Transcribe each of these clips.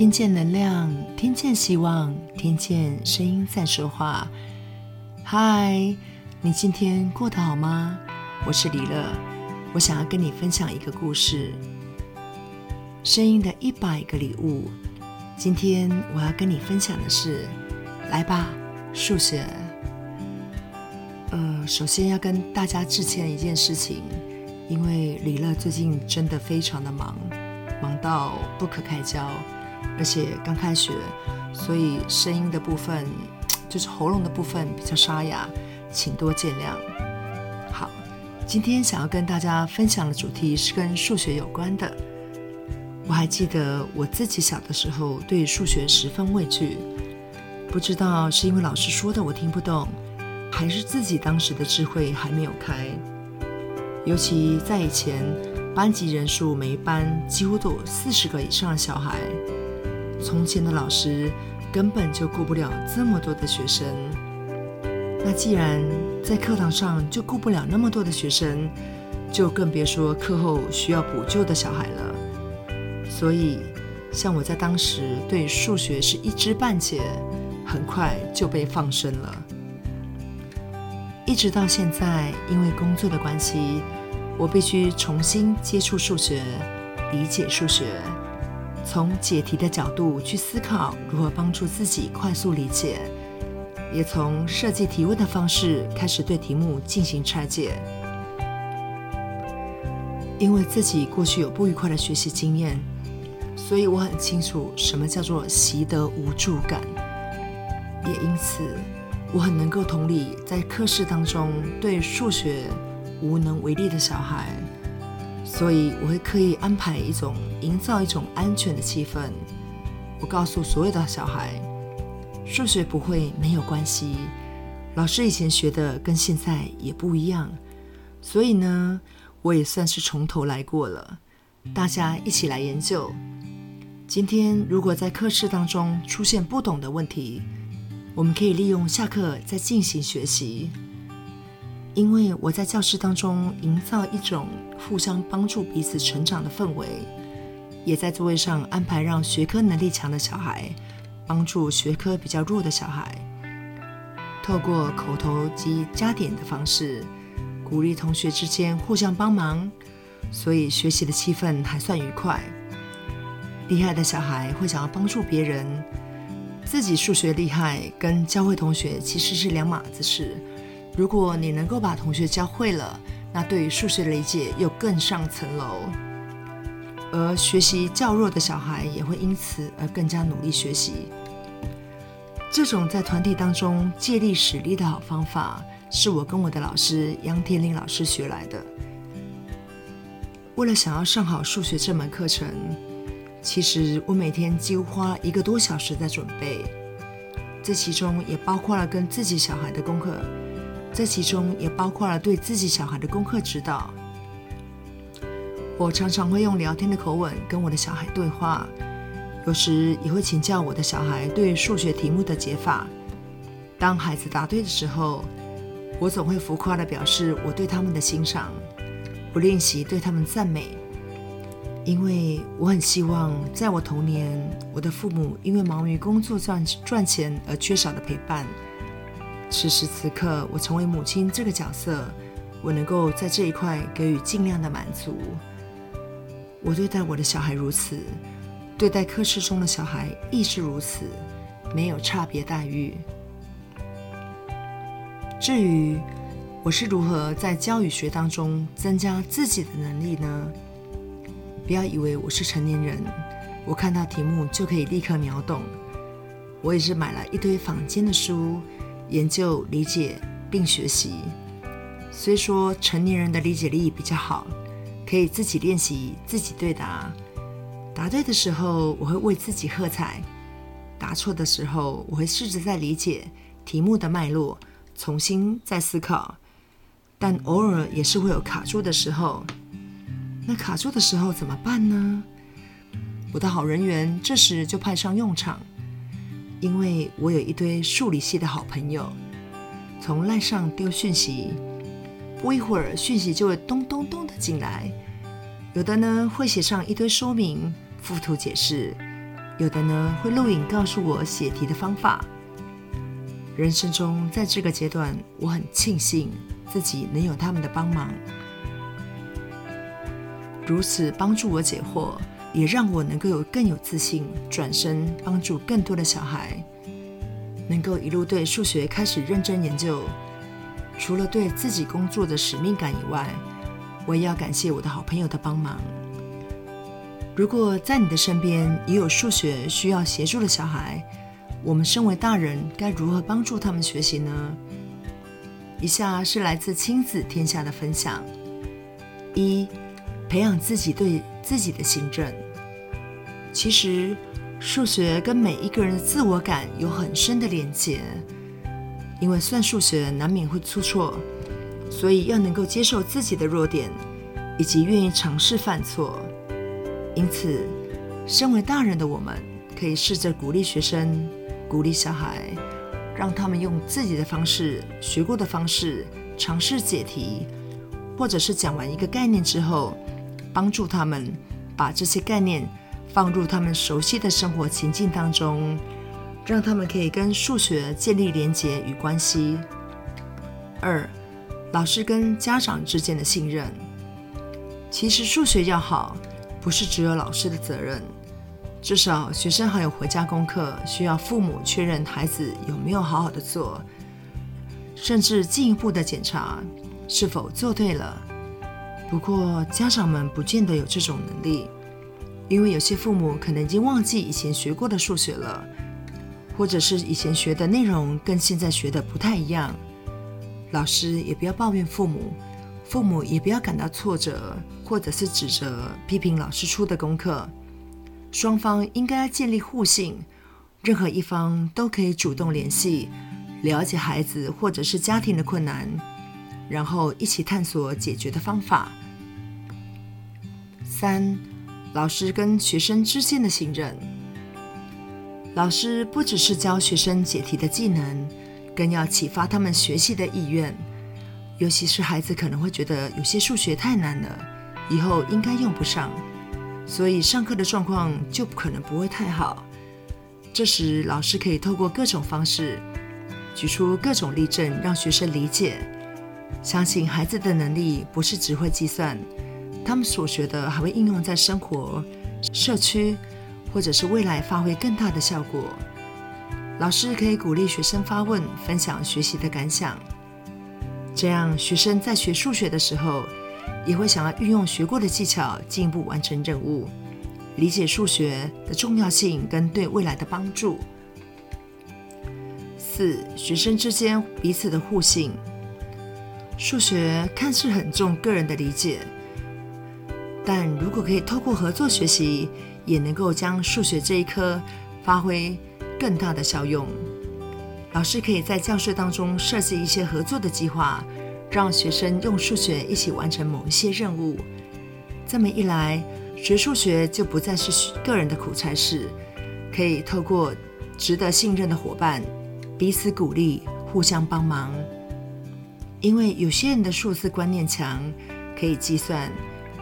聽見能量，聽見希望，聽見聲音在說話。嗨，你今天過得好嗎？我是李樂，我想要跟你分享一個故事——聲音的一百個禮物。今天我要跟你分享的是，來吧，數學。呃，首先要跟大家致歉一件事情，因為李樂最近真的非常的忙，忙到不可開交。而且剛開學，所以聲音的部分就是喉嚨的部分比較沙啞，請多見諒。好，今天想要跟大家分享的主題是跟數學有關的。我還記得我自己小的時候對數學十分畏懼，不知道是因為老師說的我聽不懂，還是自己當時的智慧還沒有開。尤其在以前，班級人數每一班幾乎都有四十個以上的小孩。從前的老師根本就顧不了這麼多的學生，那既然在課堂上就顧不了那麼多的學生，就更別說課後需要補救的小孩了。所以，像我在當時對數學是一知半解，很快就被放生了。一直到現在，因為工作的關係，我必須重新接觸數學，理解數學。從解題的角度去思考如何幫助自己快速理解，也從設計提問的方式開始對題目進行拆解。因為自己過去有不愉快的學習經驗，所以我很清楚什麼叫做習得無助感，也因此我很能夠同理在課室當中對數學無能為力的小孩。所以我會刻意安排一種，營造一種安全的氣氛。我告訴所有的小孩，數學不會沒有關係。老師以前學的跟現在也不一樣，所以呢，我也算是從頭來過了。大家一起來研究。今天如果在課室當中出現不懂的問題，我們可以利用下課再進行學習。因為我在教室當中營造一種互相幫助、彼此成長的氛圍，也在座位上安排讓學科能力強的小孩幫助學科比較弱的小孩，透過口頭及加點的方式鼓勵同學之間互相幫忙，所以學習的氣氛還算愉快。厲害的小孩會想要幫助別人，自己數學厲害，跟教會同學其實是兩碼子事。如果你能夠把同學教會了，那對於數學的理解又更上層樓，而學習較弱的小孩也會因此而更加努力學習。這種在團體當中借力使力的好方法，是我跟我的老師楊天林老師學來的。為了想要上好數學這門課程，其實我每天幾乎花一個多小時在準備，這其中也包括了跟自己小孩的功課。這其中也包括了對自己小孩的功課指導。我常常會用聊天的口吻跟我的小孩對話，有時也會請教我的小孩對數學題目的解法。當孩子答對的時候，我總會浮誇的表示我對他們的欣賞，不吝惜對他們讚美，因為我很希望在我童年，我的父母因為忙於工作賺賺錢而缺少的陪伴。此時此刻，我成為母親這個角色，我能夠在這一塊給予盡量的滿足。我對待我的小孩如此，對待課室中的小孩亦是如此，沒有差別待遇。至於我是如何在教育學當中增加自己的能力呢？不要以為我是成年人，我看到題目就可以立刻秒懂。我也是買了一堆坊間的書。研究、理解並學習。雖說成年人的理解力比較好，可以自己練習、自己對答。答對的時候，我會為自己喝彩；答錯的時候，我會試着再理解題目的脈絡，重新再思考。但偶爾也是會有卡住的時候。那卡住的時候怎麼辦呢？我的好人緣這時就派上用場。因為我有一堆數理系的好朋友，從賴上丟訊息，不一會兒訊息就會咚咚咚的進來，有的呢會寫上一堆說明、附圖解釋，有的呢會錄影告訴我寫題的方法。人生中在這個階段，我很慶幸自己能有他們的幫忙，如此幫助我解惑。也讓我能夠有更有自信，轉身幫助更多的小孩，能夠一路對數學開始認真研究。除了對自己工作的使命感以外，我也要感謝我的好朋友的幫忙。如果在你的身邊也有數學需要協助的小孩，我們身為大人該如何幫助他們學習呢？以下是來自親子天下的分享：一、培養自己對自己的心證。其實，數學跟每一個人的自我感有很深的連接，因為算數學難免會出錯，所以要能夠接受自己的弱點，以及願意嘗試犯錯。因此，身為大人的我們，可以試着鼓勵學生，鼓勵小孩，讓他們用自己的方式、學過的方式，嘗試解題，或者是講完一個概念之後。幫助他們把這些概念放入他們熟悉的生活情境當中，讓他們可以跟數學建立連結與關係。二，老師跟家長之間的信任，其實數學要好，不是只有老師的責任，至少學生還有回家功課，需要父母確認孩子有沒有好好的做，甚至進一步的檢查是否做對了。不過，家長們不見得有這種能力，因為有些父母可能已經忘記以前學過的數學了，或者是以前學的內容跟現在學的不太一樣。老師也不要抱怨父母，父母也不要感到挫折，或者是指責、批評老師出的功課。雙方應該建立互信，任何一方都可以主動聯繫，了解孩子或者是家庭的困難。然後一起探索解決的方法。三，老師跟學生之間的信任。老師不只是教學生解題的技能，更要啟發他們學習的意願。尤其是孩子可能會覺得有些數學太難了，以後應該用不上，所以上課的狀況就可能不會太好。這時，老師可以透過各種方式，舉出各種例證，讓學生理解。相信孩子的能力不是只會計算，他們所學的還會應用在生活、社區，或者是未來發揮更大的效果。老師可以鼓勵學生發問、分享學習的感想，這樣學生在學數學的時候，也會想要運用學過的技巧進一步完成任務，理解數學的重要性跟對未來的幫助。四、學生之間彼此的互信。數學看似很重個人的理解，但如果可以透過合作學習，也能夠將數學這一科發揮更大的效用。老師可以在教室當中設計一些合作的計劃，讓學生用數學一起完成某一些任務。這麼一來，學數學就不再是個人的苦差事，可以透過值得信任的夥伴，彼此鼓勵，互相幫忙。因為有些人的數字觀念強，可以計算；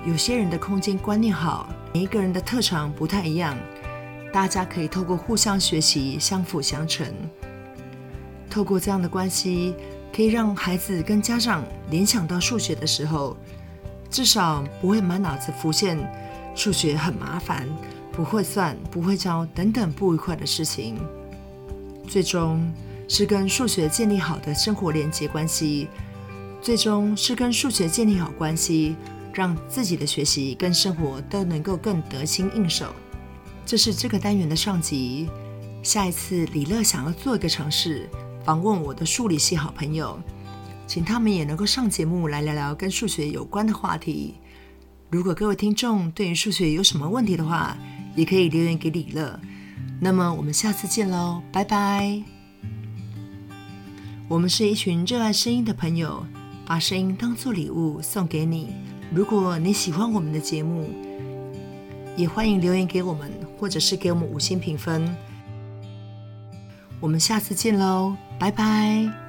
有些人的空間觀念好，每一個人的特長不太一樣。大家可以透過互相學習，相輔相成。透過這樣的關係，可以讓孩子跟家長聯想到數學的時候，至少不會滿腦子浮現數學很麻煩、不會算、不會教等等不愉快的事情。最終是跟數學建立好的生活連接關係。最終是跟數學建立好關係，讓自己的學習跟生活都能夠更得心應手。這是這個單元的上集。下一次李樂想要做一個嘗試，訪問我的數理系好朋友，請他們也能夠上節目來聊聊跟數學有關的話題。如果各位聽眾對於數學有什麼問題的話，也可以留言給李樂。那麼我們下次見嘍，拜拜。我們是一群熱愛聲音的朋友。把聲音當作禮物送給你。如果你喜歡我們的節目，也歡迎留言給我們，或者是給我們五星評分。我們下次見嘍，拜拜。